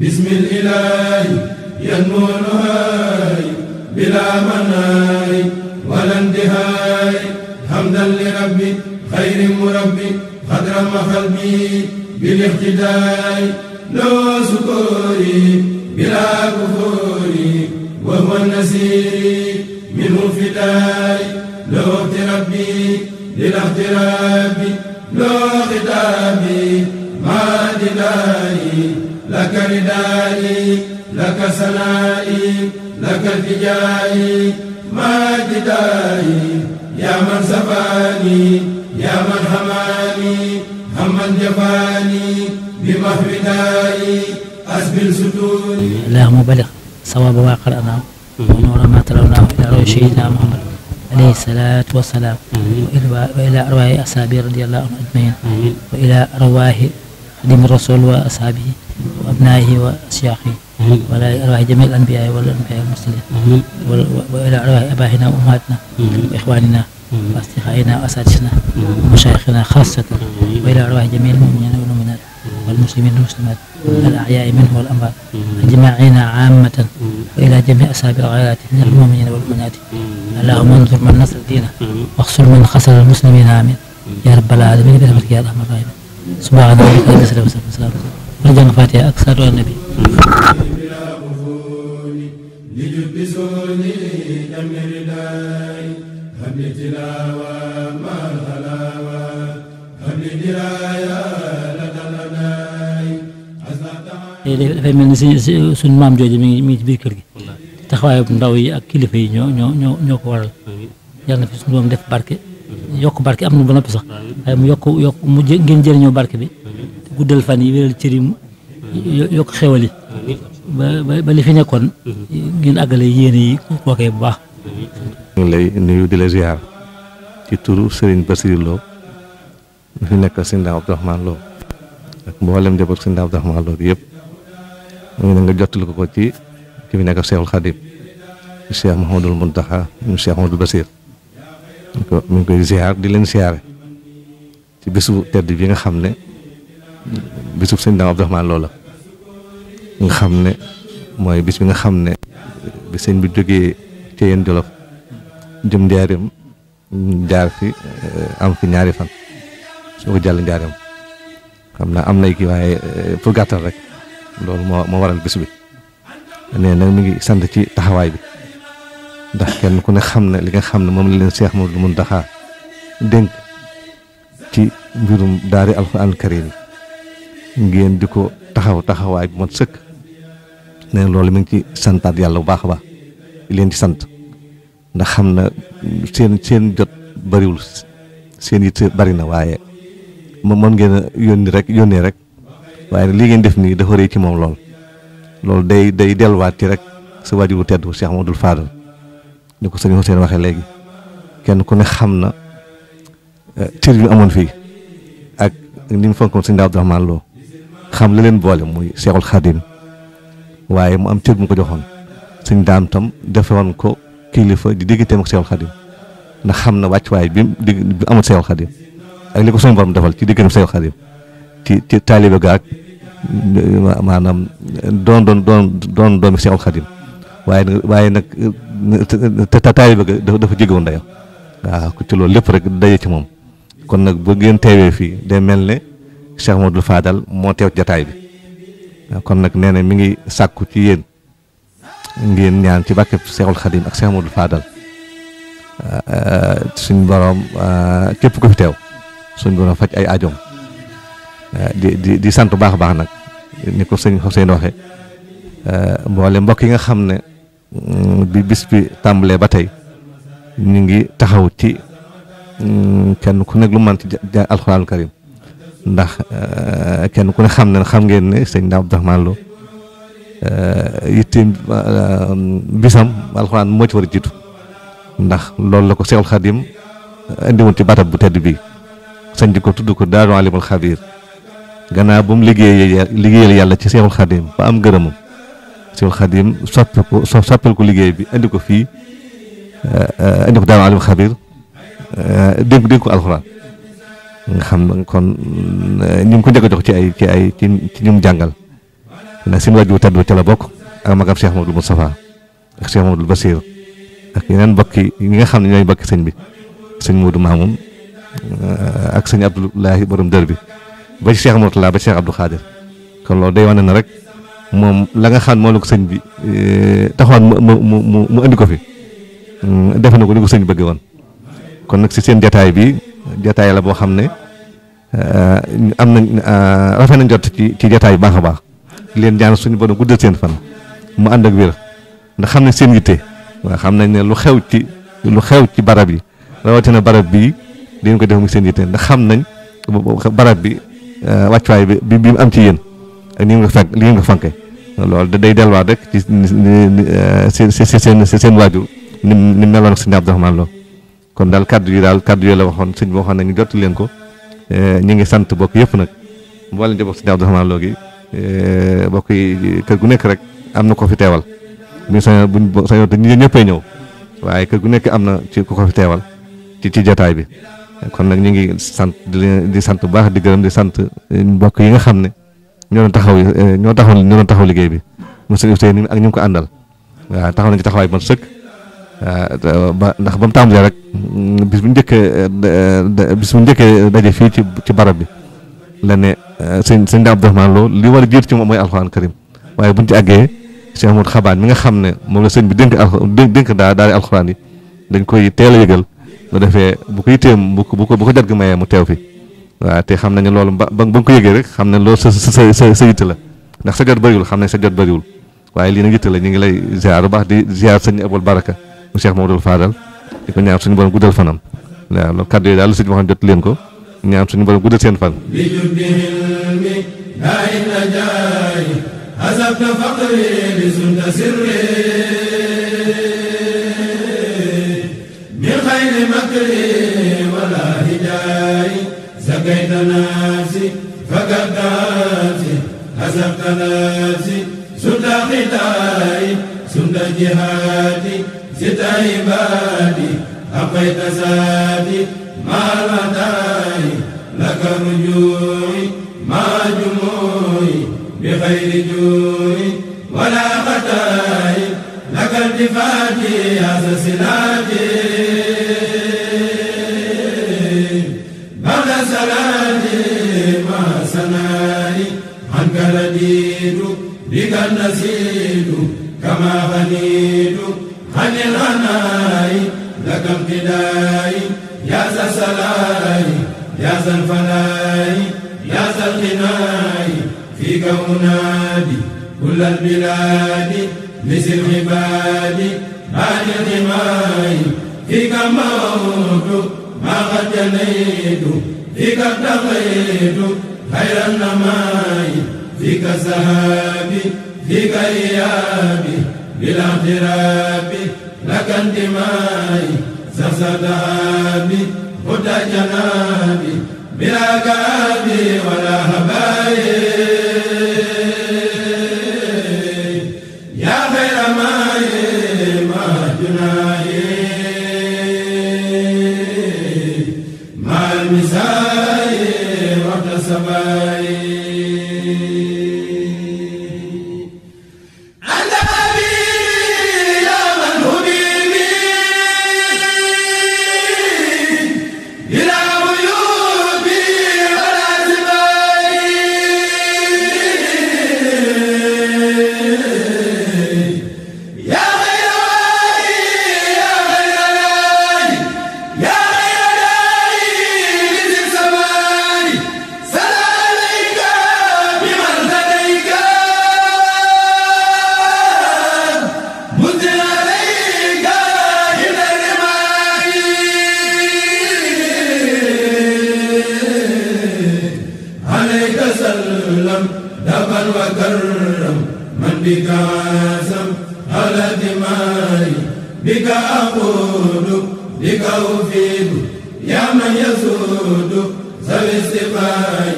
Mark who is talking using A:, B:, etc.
A: بسم الإله ينمو النهاي بلا مناي ولا انتهاي حمدا لربي خير مربي قدر ما قلبي بالاقتداء لو سكوري بلا كفوري وهو النسير منه فداي لو اقتربي للاقتراب لو خطابي لك ردائي لك سنائي لك التجائي ما جدائي يا من سباني يا من حماني هما جفاني
B: بمهودائي أسبل ستوني لا مبلغ صواب ما قرأناه ونور ما تلوناه إلى روي سيدنا محمد عليه الصلاة والسلام وإلى أرواح أصحابه رضي الله عنهم أجمعين وإلى أرواح خديم الرسول وأصحابه أبنائه وأشياخه ولا أرواح جميع الأنبياء والأنبياء المرسلين وإلى أرواح أبائنا وأمهاتنا وإخواننا وأصدقائنا وأساتذتنا ومشايخنا خاصة وإلى أرواح جميع المؤمنين والمؤمنات والمسلمين والمسلمات الأحياء منهم والأموات أجمعين عامة وإلى جميع أصحاب الغايات من المؤمنين والمؤمنات اللهم انظر من نصر دينه واخسر من خسر المسلمين آمين يا رب العالمين برحمتك يا أرحم الراحمين سبحان ربك رب العزة عما يصفون nga jàng Fatiha ak salaatu ala nabi dafay mel ni si suñ maam jooju mi ngi mi ngi ci biir kër gi ndaw yi ak kilifa yi ñoo ñoo ñoo ñoo ko waral yàlla na fi suñu def barke yokk barke am na ba noppi sax waaye mu yokk barke bi guddal fan yi wéral cëri yokk xewali ba ba yéene yi kookee bu baax
C: ñu ngi lay nuyu di la ziar ci turu Serigne Bassir Lo mu fi nekk Serigne Dame Abdourahmane Lo ak mboolem njaboot Serigne Dame Abdourahmane Lo gi yëpp mu ngi ne nga jottali ko ko ci ki fi nekk Cheikhul Khadim Cheikh Mouhamadoul Mountakha mu Cheikh Mouhamadoul Bassir mu ngi koy ziar di leen ziare ci bésu tedd bi nga xam ne bisu sëñ Daam Abdourahmane loola nga xam ne mooy bis bi nga xam ne bi sëñ bi jógee ca yéen Jolof jëm njaareem jaar fi eh, am fi ñaari fan soo ko jàll njaareem xam naa am nay kii waaye eh, pour gàttal rek loolu moo moo waral bis bi nee nag mi ngi sant ci taxawaay bi ndax kenn ku ne xam ne li nga xam ne moom la leen seex moom lu mun daxaar dénk ci mbirum daari alxuraan karim ngeen di ko taxaw taxawaay bu mat sëkk nee loolu mi ngi ci santaat yàlla bu baax a baax di leen di sant ndax xam na seen seen jot bariwul seen it bari na waaye moom mën ngeen a yónni rek yónnee rek waaye lii ngeen def nii dafa ci moom lool loolu day day delluwaat ci rek sa waajur bu tedd Cheikh Modou Fadal ko sëñ seen waxee léegi kenn ku ne xam na eh, cër yu amoon fii ak ni mu fonkoon sëñ Abdourahmane Lo xam leen boole muy Seexul Xadim waaye mu am cër mu ko joxoon sëñ daam defe woon ko kilifa di digganteem ak Seexul Xadim ndax xam na wàccuwaay bi mu digg bi amul Seexul Xadim ak li ko suñu borom defal ci digganteem Seexul Xadim ci ci taalibe ga ak maanaam doon doon doon doon doomi Seexul Xadim waaye waaye nag te taalibe ga dafa jegewoon dayo waaw ci loolu lépp rek daje ci moom kon nag bu ngeen teewee fii day mel ne. Cheikh Modou Fadal moo teew jataay bi kon nag nee na mi ngi sàkku ci yéen ngeen ñaan ci bàkke Cheikhul Khadim ak Cheikh Modou Fadal euh, suñ borom euh, képp ko fi teew suñ borom faj ay ajoom euh, di di di sant baax a baax nag ni ko sëñ Xoseen waxe mboole mbokk yi nga xam ne mm, bi bis bi tàmbalee ba tey ñu ngi taxaw ci mm, kenn ku nekk lu man ci alxuraanul karim ndax euh, kenn ku ne xam ne xam ngeen ne sëñ Abdou Rahmane Lo euh, yittim euh, bisam alxuraan moo ci war a jiitu ndax loolu la ko Seexul Xadim indiwoon ci batab bu tedd bi sañ ko tudd ko Daaru Alimul Xabiir gannaaw ba mu liggéeyee liggéeyal yàlla ci Seexul Xadim ba am gërëmam Seexul Xadim soppi ko soppal ko liggéey bi indi ko fii indi ko Daaru Alimul Xabiir dénk dénk ko alxuraan nga xam kon euh, ni mu ko njëkk a jox ci ay ci ay ci ñu mu jàngal nag seen wàjju tedd ca la bokk ak magam Cheikh Mamadou Moustapha ak Cheikh Mamadou Basir ak yeneen mbokki ñi nga xam ne ñooy mbokki sëñ bi sëñ Modou Mamoun euh, ak sëñ Abdoulahi borom dër bi ba ci Cheikh Mourtala ba Cheikh Abdou kon loolu day wane na rek moom la nga xam moo la ko sëñ bi euh, taxawaan mu mu mu indi ko fi mm, defe na ko ni ko sëñ bëgge woon kon nag si seen jataay bi jataay la boo xam ne euh, am nañ euh, rafet nañ jot ci ci jataay baax a baax leen ñaan suñu borom guddal seen fan mu ànd ak wér ndax xam nañ seen yitte waaw xam nañ ne lu xew ci lu xew ci barab yi rawatina barab bii di ngeen ko def mu seen yitte ndax xam nañ barab bi euh, wàccuwaay bi bi mu am ci yéen ak ni mu ko fekk li ngeen ko fanke loolu da day delluwaat rek ci seen seen seen waajur ni ni meloon ak sëñ Abdourahmane loolu kon daal kaddu yi daal kaddu yoo la waxoon sëñ bi waxoon nañu jotti leen ko eh, ñu ngi sant bokk yëpp nag mboolem njaboot sëñ Abdourahmane Lo gi eh, bokk yi kër gu nekk rek am na ko fi teewal bu ñu sañoon bu ñu sañoon te ñun ñëppay ñëw kër gu nekk am na ci ku ko ci ci bi kon nag ñu ngi sant di leen di sant bu baax di gërëm di sant eh, mbokk yi nga xam ne ñoo taxaw ñoo taxaw ñoo doon taxaw liggéey bi monsieur Ousseynou ak ñu ngi ko àndal waaw taxaw nañ ci taxawaay bu mat sëkk. ba ndax ba mu tàmbalee rek bis bu njëkkee bis bu njëkkee daje fii ci ci barab bi la ne sëñ sëñ Abdou Rahmane Lo li war a jiitu ci moom mooy alxuraan karim waaye buñ ci àggee sëñ Amadou Xabaan mi nga xam ne moom la sëñ bi dénk alx dénk daa daal dañ koy teel a yëgal bu defee bu ko yitteem bu ko bu ko jot gi mu teew fi te xam nañ loolu ba ba nga ko yëgee rek xam ne loolu sa sa sa sa la ndax sa jot bëriwul xam ne sa jot bëriwul waaye lii nag yitte la ñu ngi lay ziar bu baax di ziar sëñ Abul Baraka mu Cheikh Mamadou Fadal di ko ñaan suñu borom guddal fanam waaw loolu kàddu yi daal sëñ waxoon jot leen ko ñaan suñu borom guddal seen fan
A: سند جهادي زد عبادي أبيت زادي ما لداي لك رجوعي ما جموعي بغير جوعي ولا خطاي لك التفاتي هذا سلاتي بعد سلاتي ما سناي عنك رديت بك النسيت كما غنيت الغناء لك امتداء يا ذا السلاء يا ذا الفناء يا ذا الغناء فيك أنادي كل البلاد لسر عبادي بعد الغماء فيك موت ما قد جنيت فيك ابتغيت خير النماء فيك سهابي فيك إيابي بلا اغتراب لك انتمائي سرسدابي هدى جنابي بلا كابي ولا هبائي أجل وكرم من بك عازم على دمائي بك أقول بك أفيد يا من يسود ذوي السقايا